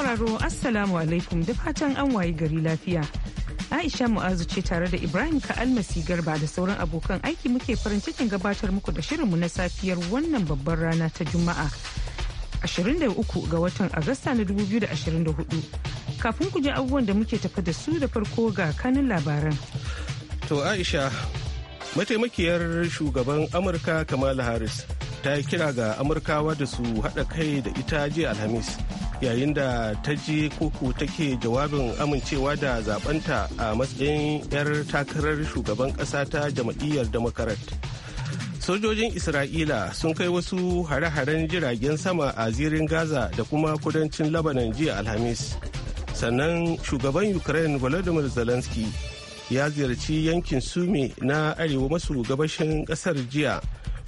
sauraro Assalamu alaikum da fatan an waye gari lafiya. Aisha Mu'azu ce tare da Ibrahim Ka'almasi Garba da sauran abokan aiki muke farin cikin gabatar muku da shirinmu na safiyar wannan babbar rana ta Juma'a. 23 ga watan Agusta na 2024. Kafin ku ji abubuwan da muke tafa da su da farko ga kanin labaran. To Aisha, mataimakiyar shugaban Amurka Kamala Harris ta yi kira ga Amurkawa da su haɗa kai da ita jiya Alhamis. yayin da ta je koko take jawabin amincewa da zabanta a matsayin 'yar takarar shugaban ƙasa ta jam'iyyar democrat sojojin isra'ila sun kai wasu hare-haren jiragen sama a zirin gaza da kuma kudancin labanan jiya alhamis sannan shugaban ukraine volodymyr zelensky ya ziyarci yankin sume na arewa maso gabashin ƙasar jiya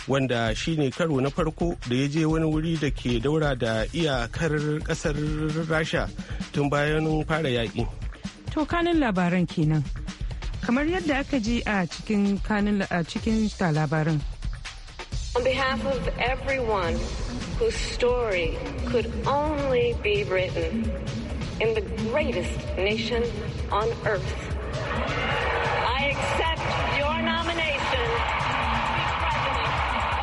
wanda karo na farko da ya je wani wuri da ke daura da iyakar kasar rasha tun bayan fara yaƙi. to kanin labaran kenan kamar yadda aka ji a cikin kanin a cikin labaran on behalf of everyone whose story could only be written in the greatest nation on earth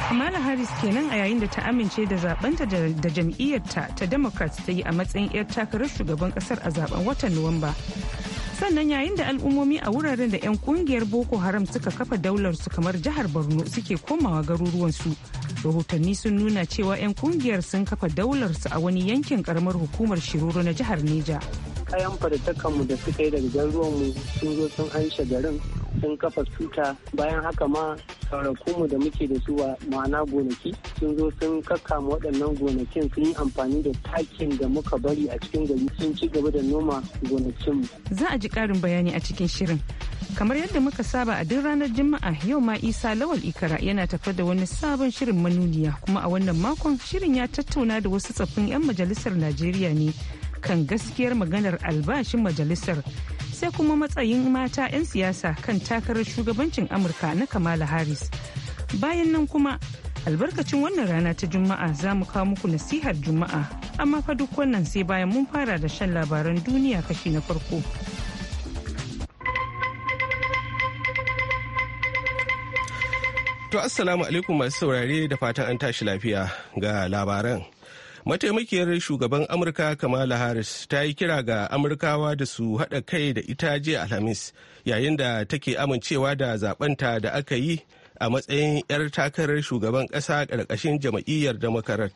kamala harris kenan a yayin da ta amince da zabanta da jam'iyyarta ta democrats ta yi a matsayin 'yar takarar shugaban kasar a zaben watan nuwamba sannan yayin da al'ummomi a wuraren da 'yan kungiyar boko haram suka kafa daularsu kamar jihar borno suke komawa garuruwansu rahotanni sun nuna cewa 'yan kungiyar sun kafa daularsu a wani yankin karamar hukumar shiroro na jihar neja kayan fadatakanmu da suka yi daga mu sun zo sun hanshe garin sun kafa tuta bayan haka ma mu da muke da su ma'ana gonaki sun zo sun kakkama waɗannan gonakin sun yi amfani da takin da muka bari a cikin gari sun ci gaba da noma gonakinmu. Za a ji ƙarin bayani a cikin shirin. Kamar yadda muka saba a duk ranar Juma'a yau ma Isa Lawal Ikara yana tafar da wani sabon shirin manuniya kuma a wannan makon shirin ya tattauna da wasu tsaffin 'yan majalisar Najeriya ne kan gaskiyar maganar albashin majalisar sai kuma matsayin mata 'yan siyasa kan takarar shugabancin amurka na kamala harris bayan nan kuma albarkacin wannan rana ta juma'a za mu kawo muku nasihar juma'a amma fa duk wannan sai bayan mun fara da shan labaran duniya kashi na farko to assalamu alaikum masu saurare da fatan an tashi lafiya ga labaran mataimakiyar shugaban amurka kamala harris ta yi kira ga amurkawa da su haɗa kai da ita jiya alhamis yayin da take amincewa da zabanta da aka yi a matsayin 'yar takarar shugaban ƙasa ƙarƙashin jam'iyyar democrat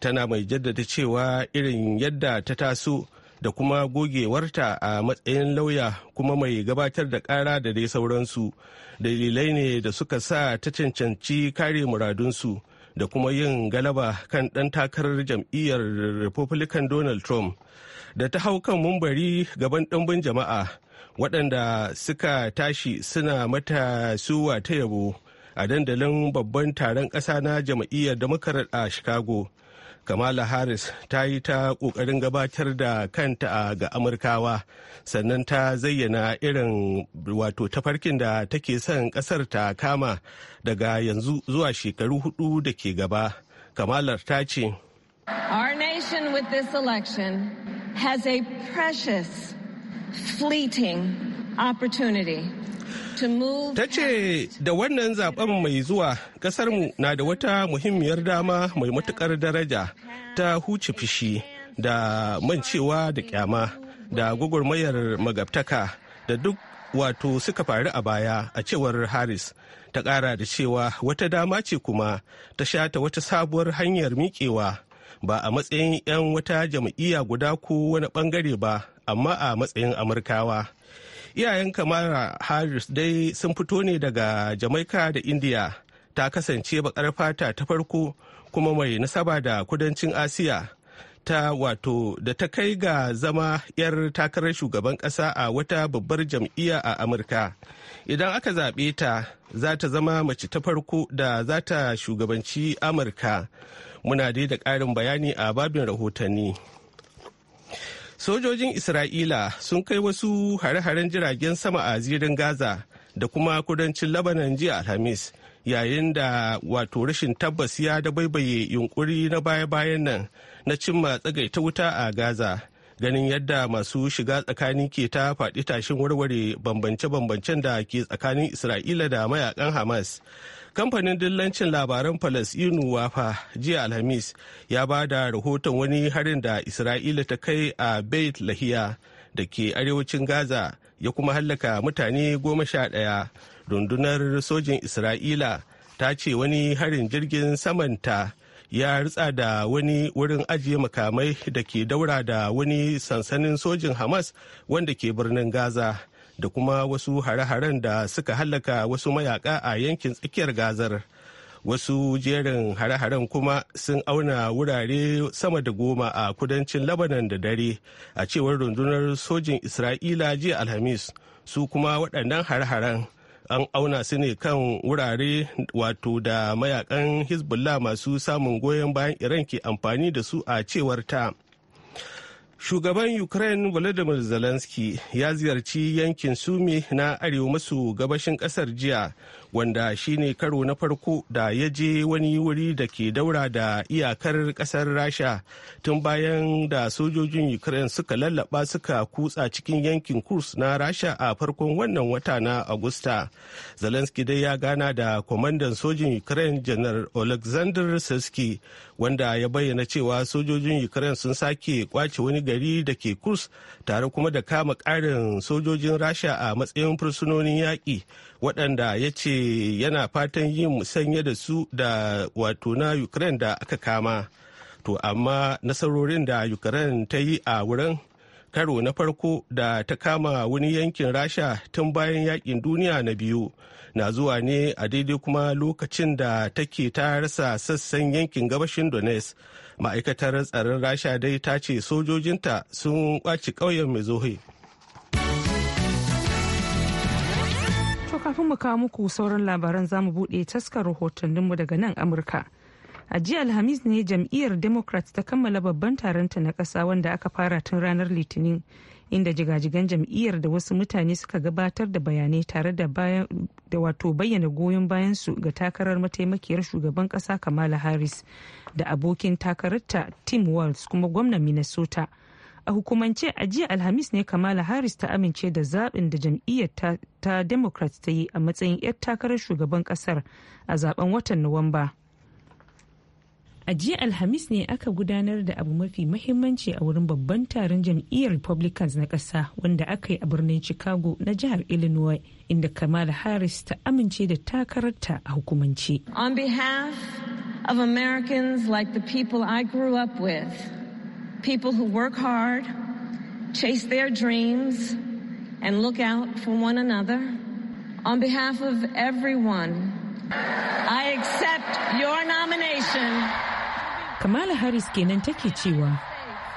tana mai jaddada cewa irin yadda ta taso da kuma gogewarta a matsayin lauya kuma mai gabatar da ƙara da dai sauransu dalilai ne da suka sa ta cancanci kare muradunsu. da kuma yin galaba kan ɗan takarar jam'iyyar republican donald trump da ta hau kan mumbari gaban ɗimbin jama'a waɗanda suka tashi suna mata suwa ta yabo a dandalin babban taron ƙasa na jam'iyyar democrat a chicago kamala harris ta yi ta kokarin gabatar da kanta ga amurkawa sannan ta zayyana irin wato tafarkin da take son kasar ta kama daga yanzu zuwa shekaru hudu da ke gaba kamalar ta ce our nation with this election has a precious fleeting opportunity Ta ce da wannan zaben mai zuwa ƙasarmu na da wata muhimmiyar dama mai matuƙar daraja ta huce fishi da mancewa da kyama da gwagwarmayar magabtaka da duk wato suka faru a baya a cewar Harris. Ta ƙara da cewa wata dama ce kuma ta shata wata sabuwar hanyar miƙewa ba a matsayin 'yan wata jam'iyya guda ko wani bangare ba amma a matsayin Amurkawa. iyayen kamara harris dai sun fito ne daga jamaika da india ta kasance bakar fata ta farko kuma mai nasaba da kudancin asiya ta wato da ta kai ga zama 'yar takarar shugaban ƙasa a wata babbar jam'iyya a amurka idan aka zaɓe ta za ta zama mace ta farko da za ta shugabanci amurka muna dai da ƙarin bayani a babin rahotanni Sojojin Isra'ila sun kai wasu hare-haren jiragen sama a zirin Gaza da kuma kudancin Labanan jiya Alhamis yayin da wato rashin tabbas ya da baibaye yunkuri na baya-bayan nan na cimma tsagaita wuta a Gaza ganin yadda masu shiga tsakani ke ta faɗi tashin warware bambance-bambancen da ke tsakanin isra'ila da mayakan hamas kamfanin dillancin labaran falasinu wafa jiya alhamis ya ba da rahoton wani harin da isra'ila ta kai a beit lahiya da ke arewacin gaza ya kuma hallaka mutane goma sha ɗaya rundunar sojin isra'ila ta ce wani harin jirgin samanta ya ritsa da wani wurin ajiye makamai da ke daura da wani sansanin sojin hamas wanda ke birnin gaza da kuma wasu hare-haren da suka hallaka wasu mayaka a yankin tsakiyar gazar wasu jerin hare-haren kuma sun auna wurare sama da goma a kudancin labanan da dare a cewar rundunar sojin isra'ila jiya alhamis su kuma waɗannan hare-haren an auna su ne kan wurare wato da mayakan hezbollah masu samun goyon bayan iran ke amfani da su a cewar ta shugaban ukraine volodymyr zelensky ya ziyarci yankin sumi na arewa maso gabashin kasar jiya wanda shi ne karo na farko da ya je wani wuri da ke daura da iyakar kasar rasha tun bayan da sojojin ukraine suka lallaba suka kutsa cikin yankin kurs na rasha a farkon wannan wata na agusta zelensky dai ya gana da kwamandan sojin ukraine janar alexander seski wanda ya bayyana cewa sojojin ukraine sun sake kwace wani gari da ke kurs tare kuma da kama karin sojojin rasha a matsayin fursunonin yaƙi waɗanda ya ce yana fatan yin musanya da su da wato na ukraine da aka kama to amma nasarorin da ukraine ta yi a wurin karo na farko da ta kama wani yankin rasha tun bayan yakin duniya na biyu na zuwa ne a daidai kuma lokacin da take ta rasa sassan yankin gabashin donetsk ma'aikatar tsaron rasha dai ta ce sojojinta sun ƙwace ƙauyen mai zohe kafin mu kawo muku sauran labaran za mu buɗe taskar rahotanninmu daga nan Amurka. A jiya Alhamis ne jam'iyyar democrats ta kammala babban taronta na ƙasa wanda aka fara tun ranar Litinin, inda jigajigan jam'iyyar da wasu mutane suka gabatar da bayanai tare da wato bayyana goyon bayansu ga takarar mataimakiyar shugaban ƙasa Kamala Harris da abokin takararta Tim Walz kuma gwamnan Minnesota. a hukumance a jiya alhamis ne kamala harris ta amince da zaɓin da jam'iyyar ta, democrat ta yi a matsayin 'yar takarar shugaban ƙasar a zaben watan nuwamba a jiya alhamis ne aka gudanar da abu mafi mahimmanci a wurin babban taron jam'iyyar republicans na ƙasa wanda aka yi a birnin chicago na jihar illinois inda kamala harris ta amince da takararta a hukumance on behalf of americans like the people i grew up with people who work hard, chase their dreams, and look out for one another. On behalf of everyone, I accept your nomination. Kamala Harris kenan take cewa,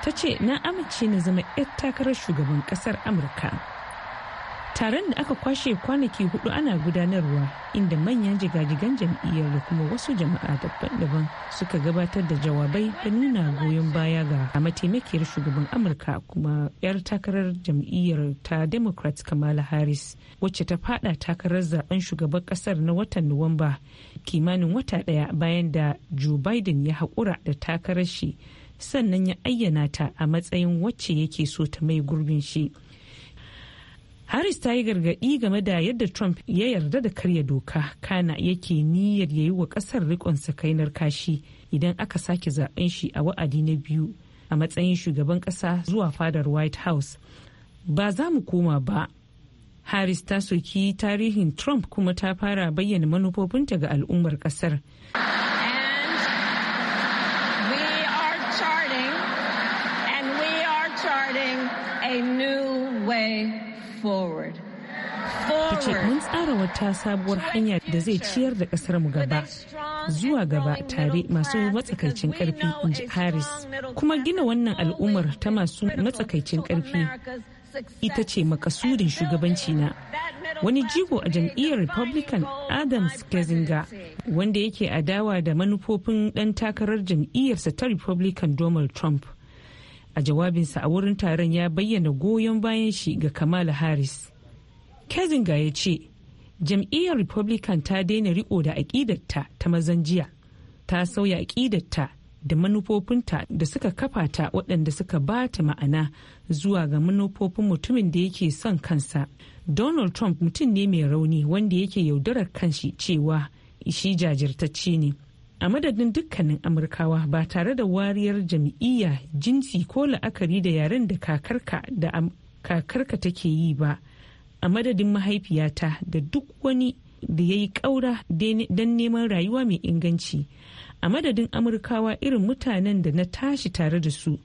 ta na amince na zama 'yar takarar shugaban ƙasar Amurka. taron da aka kwashe kwanaki hudu ana gudanarwa inda manyan jigajigan jam'iyyar da kuma wasu jama'a daban-daban suka gabatar da jawabai da nuna goyon baya ga a mataimakiyar shugaban amurka kuma 'yar takarar jam'iyyar ta democrats kamala harris wacce ta fada takarar zaben shugaban kasar na watan nuwamba kimanin wata daya bayan da joe biden ya haƙura da takarar shi sannan ya ayyana ta a matsayin wacce yake so ta mai gurbin shi. harris ta yi gargaɗi game da yadda trump ya yarda da karya doka kana yake niyyar yi wa ƙasar rikon sakainar kashi idan aka sake zaben shi a wa'adi na biyu a matsayin shugaban ƙasa zuwa fadar white house ba za mu koma ba harris ta soki tarihin trump kuma ta fara bayyana manufofinta ga al'ummar ƙasar a new way forward. ce mun tsara wata sabuwar hanya da zai ciyar da kasar mu gaba zuwa gaba tare masu matsakaicin karfi in ji Harris kuma gina wannan al'ummar ta masu matsakaicin karfi ita ce makasudin shugabanci na wani jigo a jam'iyyar republican adams kezinga wanda yake adawa da manufofin dan takarar jam'iyyarsa ta republican donald trump a jawabinsa a wurin taron ya bayyana goyon bayan shi ga kamala harris kezinga ya ce jam'iyyar republican ta daina riko da aƙidarta ta mazan jiya ta sauya aƙidarta da manufofinta da suka kafa ta waɗanda suka ba ta ma'ana zuwa ga manufofin mutumin da yake son kansa. Donald Trump mutum ne mai rauni wanda yake yaudarar kanshi cewa shi jajirtacce ne. a madadin dukkanin amurkawa ba tare da wariyar jam'iyya jinsi ko la'akari da yaren da kakarka da kakarka take yi ba a madadin mahaifiyata da duk wani da ya yi ƙaura don neman rayuwa mai inganci a madadin amurkawa irin mutanen da na tashi tare da su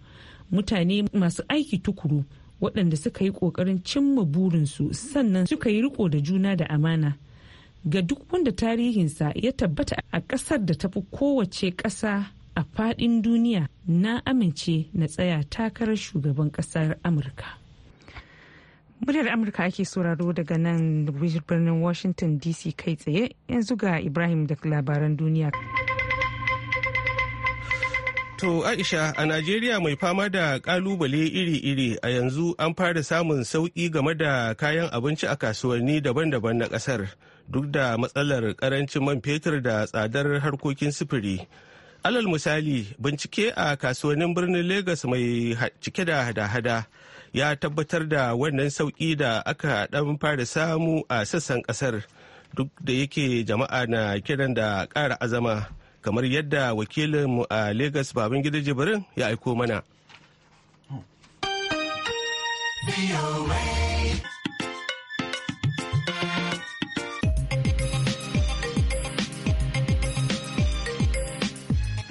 mutane masu aiki tukuru waɗanda suka yi ƙoƙarin cimma burinsu sannan suka yi riko da juna da amana ga duk wanda tarihinsa ya tabbata a ƙasar da tafi kowace ƙasa a faɗin duniya na amince na tsaya takarar shugaban ƙasar amurka muryar amurka ake sauraro daga nan birnin washington dc kai tsaye yanzu ga ibrahim da labaran duniya To Aisha a Najeriya mai fama da kalubale iri-iri a yanzu an fara samun sauƙi game da kayan abinci a kasuwanni daban-daban na ƙasar. duk da matsalar karancin man fetur da tsadar harkokin sufuri alal misali bincike a kasuwannin birnin legas mai cike da hada-hada ya tabbatar da wannan sauƙi da aka ɗan fara samu a sassan ƙasar duk da yake jama'a na kiran da ƙara azama kamar yadda wakilinmu a legas lagos gidan jibrin ya aiko mana. Hmm.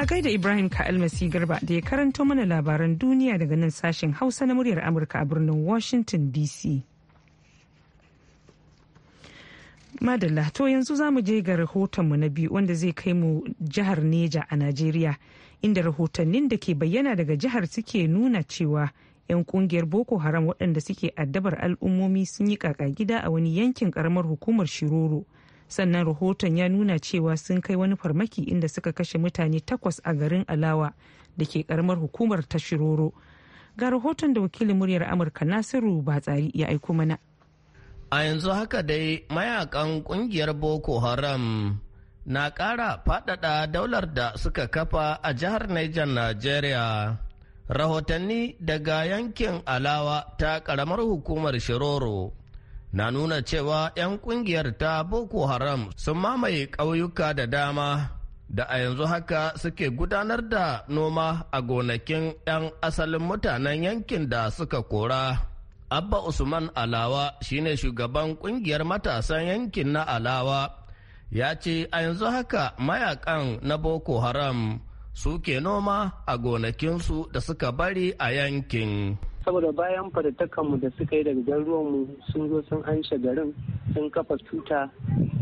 A gaida Ibrahim Ka'almasi Garba da ya karanto mana labaran duniya daga nan sashen Hausa na muryar Amurka a birnin Washington DC. Madalla to yanzu za mu je ga rahotonmu na biyu wanda zai kai mu jihar Neja a Najeriya inda rahotannin da ke bayyana daga jihar suke nuna cewa 'yan kungiyar Boko Haram waɗanda suke addabar al'ummomi sun yi kaka gida a wani yankin ƙaramar hukumar Shiroro. sannan rahoton ya nuna cewa sun kai wani farmaki inda suka kashe mutane takwas a garin alawa da ke karamar hukumar ta shiroro ga rahoton da wakilin muryar amurka nasiru batsari ya aiko mana a yanzu haka dai mayakan kungiyar boko haram na kara fadada daular da suka kafa a jihar Niger Najeriya. Rahotanni daga yankin Alawa ta karamar hukumar Shiroro na nuna cewa 'yan kungiyar ta Boko Haram sun mamaye ƙauyuka da dama da a yanzu haka suke gudanar da noma a gonakin 'yan asalin mutanen yankin da suka kora. Abba Usman Alawa shine shugaban kungiyar matasan yankin na Alawa ya ce a yanzu haka mayakan na Boko Haram suke noma a gonakinsu da suka bari a yankin. saboda bayan fadatakanmu da suka yi daga mu sun zo sun anshe garin sun kafa tuta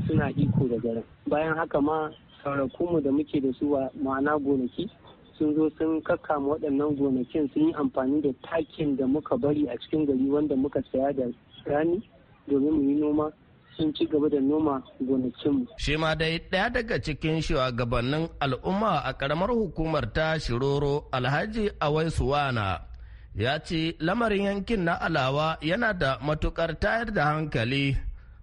suna iko da garin bayan haka ma saurakunmu da muke da su ma'ana gonaki sun zo sun kakkama waɗannan gonakin sun yi amfani da takin da muka bari a cikin gari wanda muka saya da rani domin mu yi noma sun ci gaba da noma gonakinmu. Shi ma dai ɗaya daga cikin shugabannin al'umma a ƙaramar hukumar ta Shiroro Alhaji Awai Suwana ya ce lamarin yankin na alawa yana da matukar tayar da hankali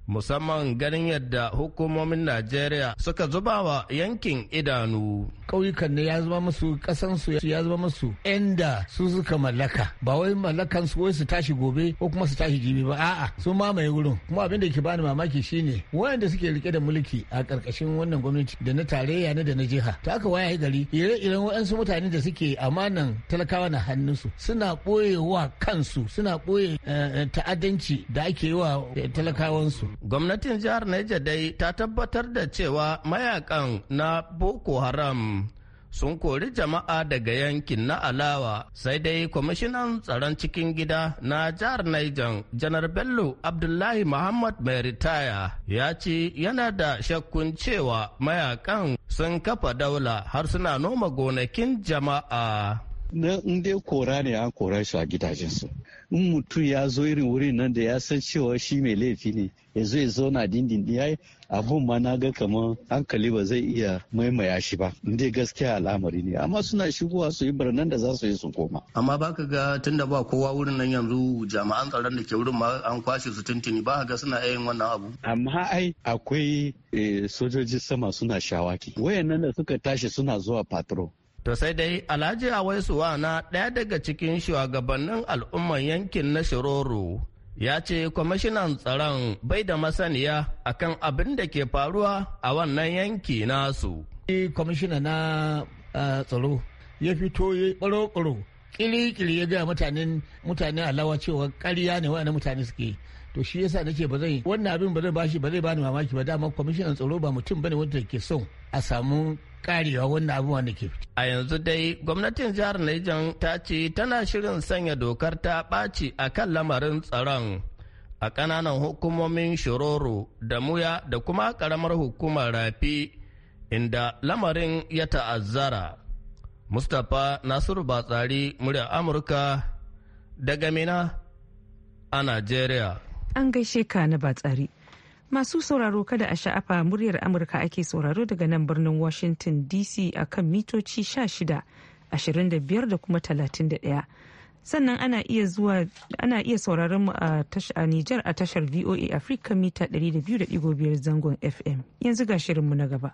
musamman ganin yadda hukumomin Najeriya suka zuba wa yankin idanu. Ƙauyukan ne ya zama musu ƙasansu ya zama musu inda su suka mallaka ba wai mallakan su wai su tashi gobe ko kuma su tashi jibi ba a'a sun mamaye wurin kuma abin da ke bani mamaki shine waɗanda suke rike da mulki a ƙarƙashin wannan gwamnati da na tarayya ne da na jiha ta aka waya gari ire-iren waɗansu mutane da suke amanan talakawa na hannunsu suna ɓoyewa kansu suna ɓoye eh, eh, ta'addanci da ake yi wa eh, talakawansu Gwamnatin jihar Niger dai ta tabbatar da cewa mayakan na Boko Haram sun kori jama'a daga yankin na Alawa sai dai kwamishinan tsaron cikin gida na jihar Niger janar Bello Abdullahi Muhammad mai ritaya ya ce yana da shakkun cewa mayakan sun kafa daula har suna noma gonakin jama'a. na in dai kora ne an kora shi a gidajensu in mutum ya zo irin wurin nan da ya san cewa shi mai laifi ne ya zo ya zauna dindindin ya yi abun ma na ga kamar hankali ba zai iya maimaya shi ba in dai gaskiya al'amari ne amma suna shigowa su yi birnin da za su yi su koma amma baka ga da ba kowa wurin nan yanzu jami'an tsaron da ke wurin ma an kwashe su tuntuni ba ga suna yin wannan abu amma ai akwai eh, sojoji sama suna shawaki wayannan da suka tashi suna zuwa patrol To sai dai Alhaji Awaisuwa na daya daga cikin shugabannin al'ummar yankin na Shiroro ya ce kwamishinan tsaron bai da masaniya akan abin da ke faruwa a wannan yanki nasu. Kwamishina na tsaro ya fito ya yi ɓaro kiri-kiri ya gaya mutanen mutane alawa cewa ƙarya ne wa'annan mutane suke to shi yasa nake ba zai wannan abin ba zai bashi ba zai bani mamaki ba dama kwamishinan tsaro ba mutum bane wanda ke son a samu karewa wannan abubuwan da ke A yanzu dai gwamnatin jihar Niger ta ce tana shirin sanya dokar ta ɓaci a kan lamarin tsaron a ƙananan hukumomin Shororo da Muya da kuma ƙaramar hukumar Rafi inda lamarin ya ta'azzara. Mustapha Nasiru Batsari murya Amurka daga Mina a Najeriya. An gaishe ka na Batsari. Masu sauraro kada a sha'afa muryar Amurka ake sauraro daga nan birnin Washington DC a kan mitoci 16, da kuma 31. Sannan ana iya ana iya sauraron mu a Nijar a tashar VOA Africa mita 200.5 zangon FM. Yanzu ga shirinmu na gaba.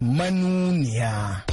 Manuniya.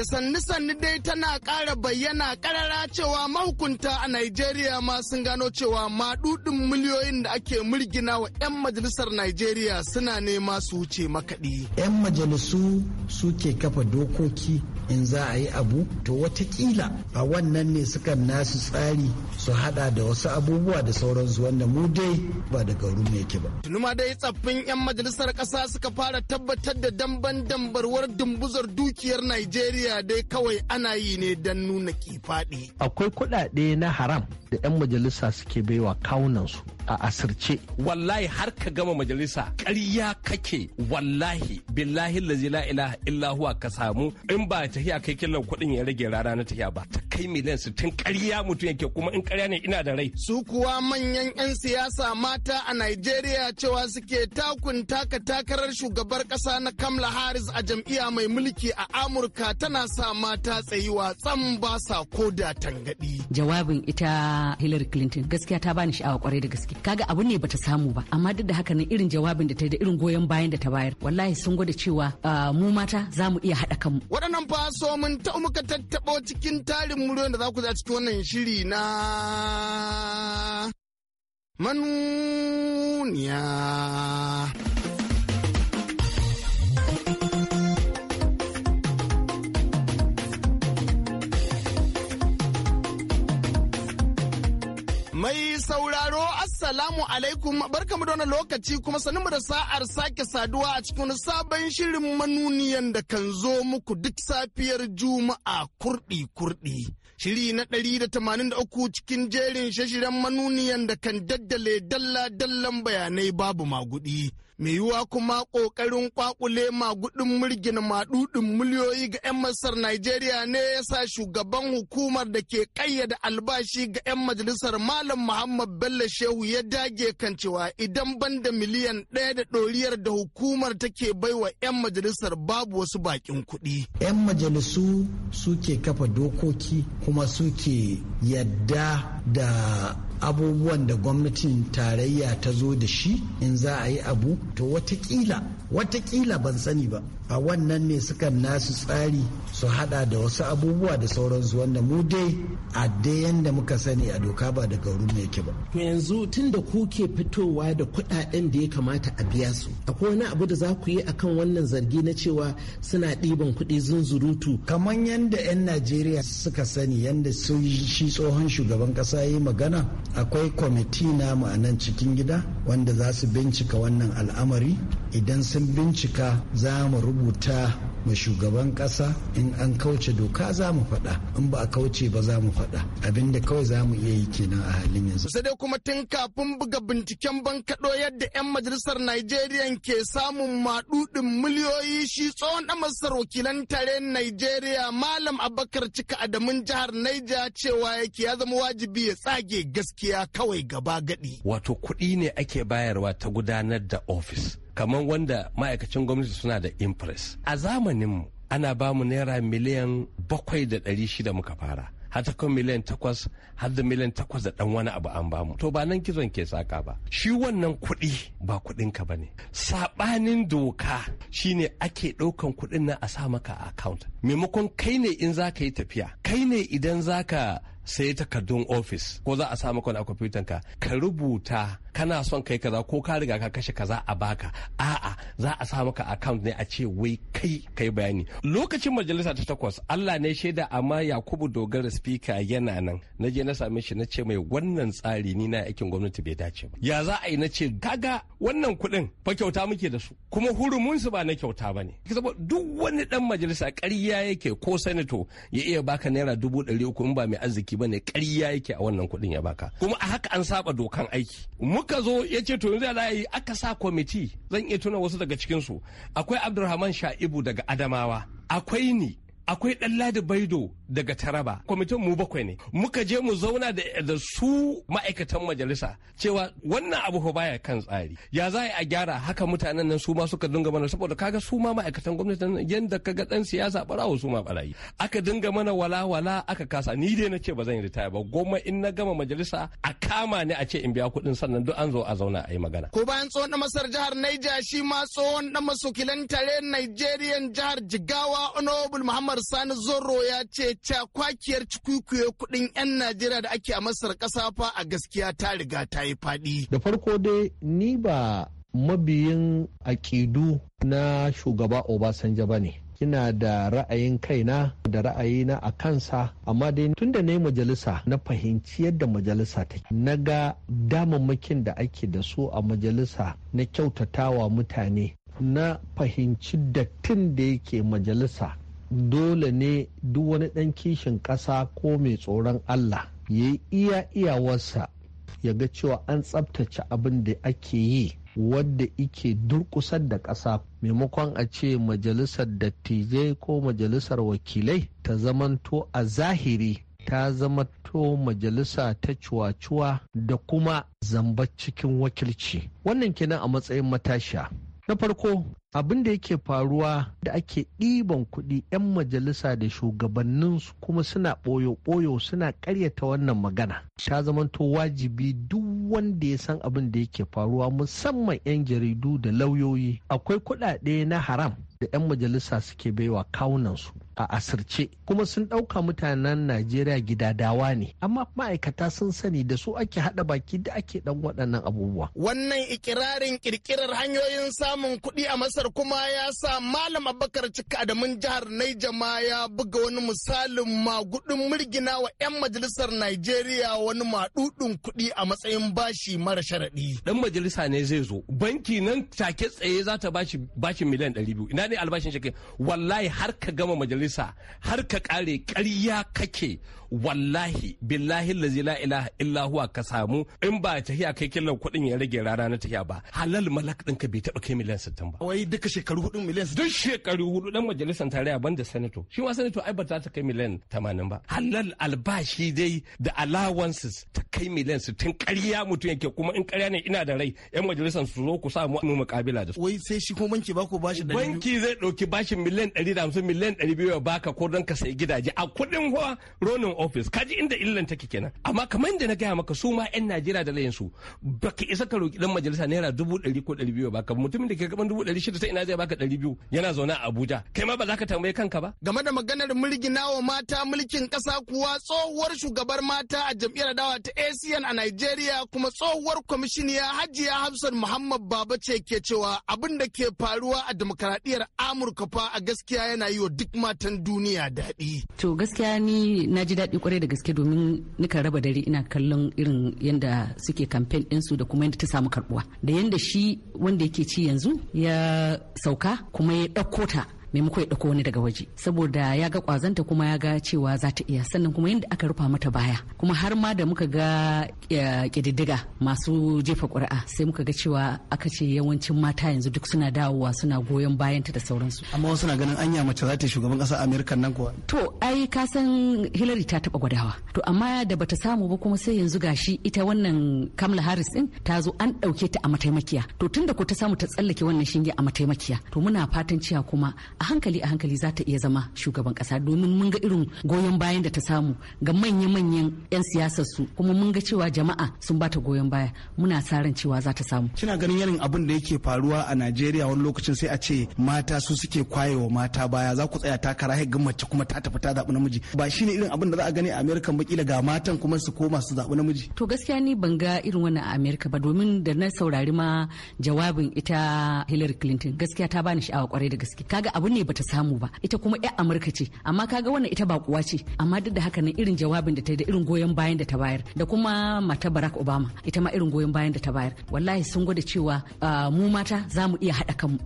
da sannu-sannu dai tana ƙara bayyana ƙarara cewa mahukunta a Najeriya ma sun gano cewa maɗuɗin miliyoyin da ake murgina wa 'yan majalisar Najeriya suna nema su wuce makaɗi. 'Yan majalisu suke kafa dokoki in za a yi abu to watakila a wannan ne suka nasu tsari su hada da wasu abubuwa da sauransu wanda mu dai ba daga wurin yake ba. Tunuma dai tsaffin 'yan majalisar ƙasa suka fara tabbatar da damban dambarwar dumbuzar dukiyar Najeriya dai kawai ana yi ne don nuna kifaɗi. Akwai kuɗaɗe na haram da 'yan majalisa suke baiwa su a asirce. Wallahi har ka gama majalisa ƙarya kake wallahi billahi la ilaha illa ka samu in ba ta tahiya kai killan kuɗin ya rage rana na tahiya ba ta kai miliyan sittin karya mutum yake kuma in ƙarya ne ina da rai. Su kuwa manyan 'yan siyasa mata a nigeria cewa suke takun taka takarar shugabar ƙasa na kamla haris a jam'iyya mai mulki a Amurka tana sa mata tsayuwa tsam ba sa ko da tangaɗi. Jawabin ita Hillary Clinton gaskiya ta bani sha'awa kwarai da gaske. Kaga abu ne bata samu ba amma duk da haka ne irin jawabin da ta yi da irin goyon bayan da ta bayar wallahi sun gwada cewa ah, mu mata za mu iya haɗa kanmu. Waɗannan fa so mun ta muka tattabo cikin tarin muryoyin da za ku za cikin wannan shiri na manuniya. Mai sauraro Assalamu alaikum barkamu da wani lokaci kuma sanin da sa'ar sake saduwa a cikin sabon shirin manuniyan da kan zo muku duk safiyar Juma'a kurɗi kurɗi. shiri na ɗari da tamanin da uku cikin jerin shashiren manuniyan da kan daddale dalla-dallan bayanai babu magudi. mai yiwuwa kuma ƙoƙarin kwakule magudin murgin maɗuɗin miliyoyi ga 'yan masar Najeriya ne ya sa shugaban hukumar da ke ƙayyada albashi ga 'yan majalisar Malam Muhammad Bello Shehu ya dage kan cewa idan ban da miliyan ɗaya da ɗoriyar da hukumar take baiwa 'yan majalisar babu wasu bakin kuɗi. 'Yan majalisu suke kafa dokoki kuma suke yadda da abubuwan da gwamnatin tarayya ta zo da shi in za a yi abu to watakila watakila ban sani ba a wannan ne suka nasu tsari su hada da wasu abubuwa da sauransu wanda mu dai a dai yanda muka sani a doka ba da wurin ne yake ba to yanzu tun da ku ke fitowa da kuɗaɗen da ya kamata a biya su akwai wani abu da za ku yi akan wannan zargi na cewa suna ɗiban kuɗi zunzurutu kamar yanda 'yan najeriya suka sani yanda shi tsohon shugaban ƙasa ya yi magana akwai kwamiti namu a nan cikin gida wanda za su bincika wannan al'amari idan sun bincika za mu rubuta ma shugaban ƙasa in an kauce doka za mu faɗa in ba a kauce ba za mu faɗa abinda kawai za mu iya yi kenan a halin yanzu. sai dai kuma tun kafin buga binciken bankaɗo yadda 'yan majalisar najeriya ke samun maɗuɗin miliyoyi shi tsohon ɗan masar wakilan tare najeriya malam abakar cika adamin jihar naija cewa yake ya zama wajibi ya tsage gaskiya kawai gaba gadi. wato kuɗi ne ake bayarwa ta gudanar da ofis kamar wanda ma'aikacin gwamnati suna da impress a zamaninmu ana ba mu naira miliyan bakwai da ɗari shida muka fara har ta kan miliyan takwas har da miliyan takwas da ɗan wani abu an bamu to ba nan kizon ke saka ba shi wannan kuɗi ba kuɗin ka bane saɓanin doka shine ake ɗaukan kuɗin nan a sa maka a account maimakon kai ne in za ka yi tafiya kai ne idan za ka sai takardun ofis ko za a sa maka a kwamfutan ka ka rubuta kana son kai kaza ko ka riga ka kashe kaza a baka a'a za a sa maka account ne a ce wai kai kai bayani lokacin majalisa ta takwas Allah ne shaida amma Yakubu Dogara speaker yana nan na je na same shi na ce mai wannan tsari ni na aikin gwamnati bai dace ba ya za a yi na ce kaga wannan kuɗin fa kyauta muke da su kuma hurumun su ba na kyauta ba ne duk wani dan majalisa ƙarya yake ko sanato ya iya baka naira dubu ɗari uku in ba mai arziki aiki bane ƙarya yake a wannan kuɗin ya baka kuma a haka an saba dokan aiki muka zo ya ce to yanzu ya yi aka sa kwamiti zan iya tuna wasu daga cikinsu akwai abdulrahman sha'ibu daga adamawa akwai ni akwai ɗan ladi baido daga taraba kwamitin mu bakwai ne muka je mu zauna da su ma'aikatan majalisa cewa wannan abu baya kan tsari ya za a gyara haka mutanen nan su ma suka dinga mana saboda kaga su ma ma'aikatan gwamnati nan yanda kaga dan siyasa barawo su ma barayi aka dinga mana wala wala aka kasa ni dai na ce ba zan yi ritaya ba goma in na gama majalisa a kama ni a ce in biya kuɗin sannan duk an zo a zauna a yi magana ko bayan tsohon masar jihar Niger shi ma tsohon dan tare Nigerian jihar Jigawa Honorable Muhammad Umar Sani Zorro ya ce ca kwakiyar cikuikuye kuɗin 'yan Najeriya da ake a Masar ƙasa fa a gaskiya ta riga ta yi faɗi. Da farko dai ni ba mabiyin aƙidu na shugaba Obasanjo ba ne. kina da ra'ayin kaina da ra'ayina a kansa amma dai tun da na yi majalisa na fahimci yadda majalisa ta na ga damammakin da ake da su a majalisa na kyautatawa mutane na fahimci dattin da yake majalisa dole ne duk wani ɗan kishin ƙasa ko mai tsoron Allah ya yi iya iyawarsa ya ga cewa an tsabtace abin da ake yi wadda ike durkusar da ƙasa maimakon a ce majalisar dattijai ko majalisar wakilai ta zamanto a zahiri ta zama to majalisa ta cuwa-cuwa da kuma zamba cikin wakilci wannan kenan a matsayin matashiya Na farko abin da yake faruwa da ake ɗiban kuɗi 'yan majalisa da shugabanninsu kuma suna ɓoyo-ɓoyo suna ƙaryata wannan magana. Ta zamanto wajibi duk wanda ya san abin da yake faruwa musamman 'yan jaridu da lauyoyi akwai kuɗaɗe na haram da 'yan majalisa suke baiwa kawunansu. a asirce kuma sun ɗauka mutanen najeriya gidadawa ne amma ma'aikata sun sani da su ake haɗa baki da ake ɗan waɗannan abubuwa wannan ikirarin kirkirar hanyoyin samun kuɗi a masar kuma ya sa malam abakar cika adamin jihar naija ma ya buga wani misalin magudin mirgina wa 'yan majalisar najeriya wani maɗuɗin kuɗi a matsayin bashi mara sharaɗi dan majalisa ne zai zo banki nan take tsaye za ta bashi bashi miliyan biyu ina ne albashin shi wallahi har ka gama majalisa majalisa har ka kare ƙarya kake wallahi billahi lazi la ilaha illa huwa ka samu in ba tahiya kai killan kuɗin ya rage rana na tahiya ba halal malak ɗinka bai taɓa kai miliyan sittin ba. Wai duka shekaru hudu miliyan sittin. Duk shekaru hudu ɗan majalisar tarayya ban da sanato. Shi ma sanato ai ba ta kai miliyan tamanin ba. Halal albashi dai da allowances ta kai miliyan sittin ƙarya mutum yake kuma in ƙarya ne ina da rai yan majalisar su zo ku sa mu mukabila da su. Wai sai shi ko banki ba ku bashi. Banki zai ɗauki bashi miliyan ɗari da hamsin miliyan ɗari biyu ya baka ko don ka sayi gidaje a kuɗin wa ronin ofis kaji inda illan take kenan amma kamar inda na gaya maka su ma 'yan Najeriya da layinsu baka isa ka roki dan majalisa naira dubu ɗari ko ɗari biyu baka mutumin da ke gaban dubu ɗari shida ta ina zai baka ɗari biyu yana zaune a Abuja kai ma ba za ka tambaye kanka ba. Game da maganar wa mata mulkin ƙasa kuwa tsohuwar shugabar mata a jam'iyyar dawa ta ACN a Najeriya kuma tsohuwar kwamishiniya Hajiya Hafsat Muhammad Baba ce ke cewa abin da ke faruwa a demokaradiyyar Amurka fa a gaskiya yana yi wa duk mata fatan duniya daɗi. To gaskiya ni na ji daɗi kwarai da gaske domin nika raba dare ina kallon irin yadda suke kamfen ɗinsu da kuma yadda ta samu karɓuwa. Da yadda shi wanda yake ci yanzu ya sauka kuma ya ɗauko ta maimako ya dauko wani daga waje saboda ya ga kwazanta kuma ya ga cewa za ta iya sannan kuma yadda aka rufa mata baya kuma har ma da muka ga kididdiga masu jefa ƙuri'a sai muka ga cewa aka ce yawancin mata yanzu duk suna dawowa suna goyon bayanta da sauransu amma wasu na ganin anya mace za ta shugaban ƙasar amerika nan kuwa to ai ka san hillary ta taba gwadawa to amma da bata samu ba kuma sai yanzu gashi ita wannan kamala harris din ta zo an ɗauke ta a mataimakiya to tunda ko ta samu ta tsallake wannan shinge a mataimakiya to muna fatan cewa kuma a hankali a hankali za ta iya zama shugaban kasa domin mun ga irin goyon bayan da ta samu ga manya-manyan 'yan siyasar su kuma mun ga cewa jama'a sun ba ta goyon baya muna sa ran cewa za ta samu kina ganin yanin abin da yake faruwa a Najeriya wani lokacin sai a ce mata su suke kwayewa mata baya za ku tsaya takara ga mace kuma ta tafi ta zaɓi namiji ba shine irin abin da za a gani a Amerika bakila ga matan kuma su koma su zaɓi namiji to gaskiya ni ban ga irin wannan a Amerika ba domin da na saurari ma jawabin ita Hillary Clinton gaskiya ta bani sha'awa kwarai da gaske kaga abin abun ne bata samu ba ita kuma ya amurka ce amma kaga wannan ita ba kuwa ce amma duk da haka nan irin jawabin da ta da irin goyon bayan da ta bayar da kuma mata barack obama ita ma irin goyon bayan da ta bayar wallahi sun gwada cewa ah, mu mata za mu iya haɗa kanmu.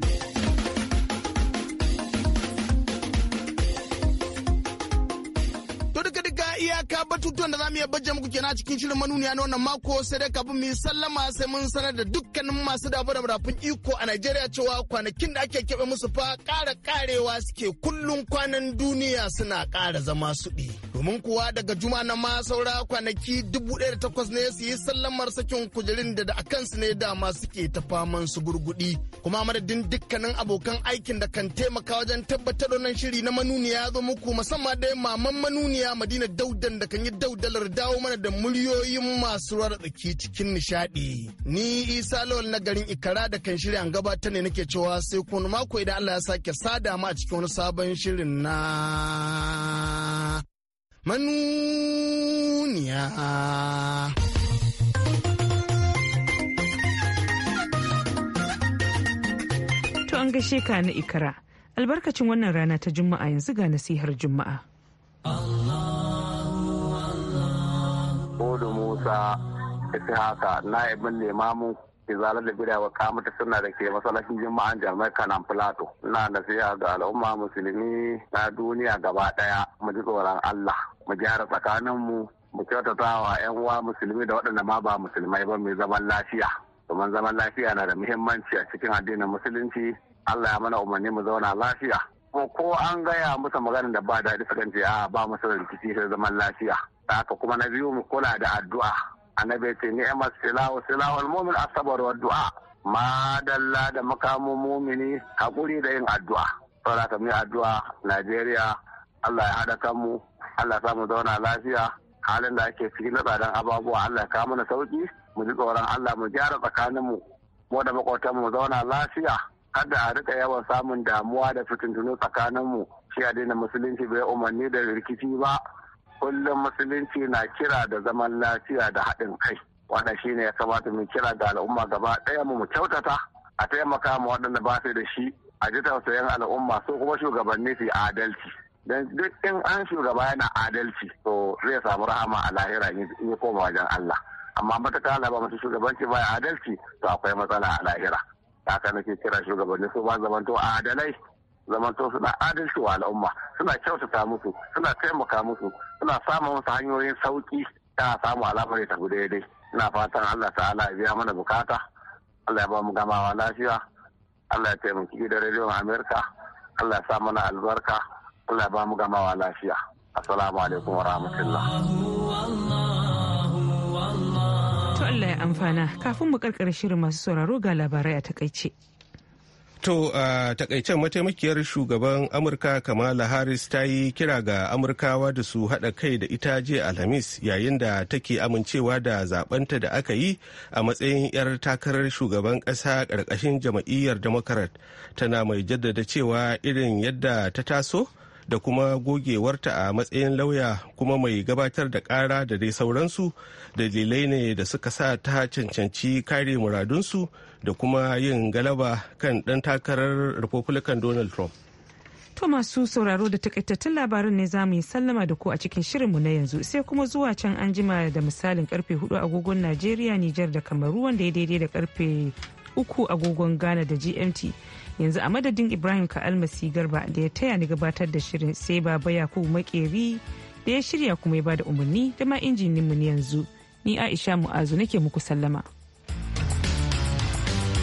iyaka batutuwan da za mu iya bajje muku kenan a cikin shirin manuniya na wannan mako sai dai kafin mu sallama sai mun sanar da dukkanin masu da barafin iko a Najeriya cewa kwanakin da ake keɓe musu fa ƙara ƙarewa suke kullum kwanan duniya suna ƙara zama suɗi. Domin kuwa daga juma na ma saura kwanaki dubu ɗaya da takwas ne su yi sallamar sakin kujerin da da akansu ne dama suke ta faman su gurgudi. Kuma madadin dukkanin abokan aikin da kan taimaka wajen tabbatar da wannan shiri na manuniya zo muku musamman dai maman manuniya Madina Dauda. waɗanda kan yi daudalar dawo mana da muryoyin masu ruwa da cikin nishaɗi. Ni Isa Lawal na garin Ikara da kan shirya an gabatar ne nake cewa sai kuma mako idan Allah ya sake sada mu a cikin wani sabon shirin na manuniya. To an gaishe ka na Ikara. Albarkacin wannan rana ta Juma'a yanzu ga nasihar Juma'a. Allah. sa ita haka na ibin limamin izalar da gida kama ta suna da ke masallacin jima'an jami'ar kanan plato na nasiha ga al'umma musulmi na duniya gaba daya mu ji tsoron allah mu gyara tsakaninmu mu kyautata wa 'yan uwa musulmi da waɗanda ma ba musulmai ba mai zaman lafiya domin zaman lafiya na da muhimmanci a cikin addinin musulunci allah ya mana umarni mu zauna lafiya ko an gaya musu maganar da ba daɗi su ganci a ba musu rikici ta zaman lafiya haka kuma na biyu mu kula da addu'a annabi ce ni'mat silahu silahu almu'min asabar wa du'a ma dalla da makamu mumini hakuri da yin addu'a saboda ka mu addu'a Najeriya Allah ya hada kanmu Allah ya mu zauna lafiya halin da ake ciki na tsadan ababuwa Allah ya kawo mana sauƙi. mu ji tsoron Allah mu gyara tsakaninmu mu da makwatan mu zauna lafiya kada a rika yawan samun damuwa da fitintunu tsakaninmu shi a daina musulunci bai umarni da rikici ba kullum musulunci na kira da zaman lafiya da haɗin kai shi ne ya kamata mu kira ga al'umma gaba ɗaya mu mu kyautata a taimaka mu waɗanda ba su da shi a ji tausayin al'umma so kuma shugabanni su adalci dan duk in an shugaba yana adalci to zai samu rahama a lahira in ya koma wajen Allah amma matakala ba mutum shugabanci ba adalci to akwai matsala a lahira haka nake kira shugabanni su ba zamanto adalai zamanto suna adalci wa al'umma suna kyautata musu suna taimaka musu suna samun musu hanyoyin sauki ta samu alamar ya tafi daidai ina fatan Allah ta'ala ya biya mana bukata Allah ya ba mu gamawa lafiya Allah ya taimaki gidan rediyon Amerika Allah ya sa mana albarka Allah ya ba mu gamawa lafiya assalamu alaikum wa rahmatullah Allah amfana kafin mu karkar shirin masu sauraro ga labarai a takaice. To a takaicen mataimakiyar shugaban Amurka Kamala Harris ta yi kira ga Amurkawa da su haɗa kai da ita je Alhamis yayin da take amincewa da zaɓenta da aka yi a matsayin 'yar takarar shugaban ƙasa ƙarƙashin jama'iyyar Democrat tana mai jaddada cewa irin yadda ta taso da kuma gogewarta a matsayin lauya kuma mai gabatar da kara da dai sauransu dalilai ne da suka sa ta cancanci kare muradunsu da kuma yin galaba kan ɗan takarar republican donald trump To masu sauraro da takaitattun labarin ne za mu yi sallama da ku a cikin shirin mu na yanzu sai kuma zuwa can an jima da misalin karfe 4 agogon Najeriya, Nijar da Kamaru wanda ya daidai da karfe 3 agogon Ghana da GMT. yanzu a madadin ibrahim ka almasi garba da ya taya ni gabatar da shirin sai baba yakubu makeri da ya shirya kuma ya bada umarni da ma injinin mu yanzu ni aisha mu'azu nake muku sallama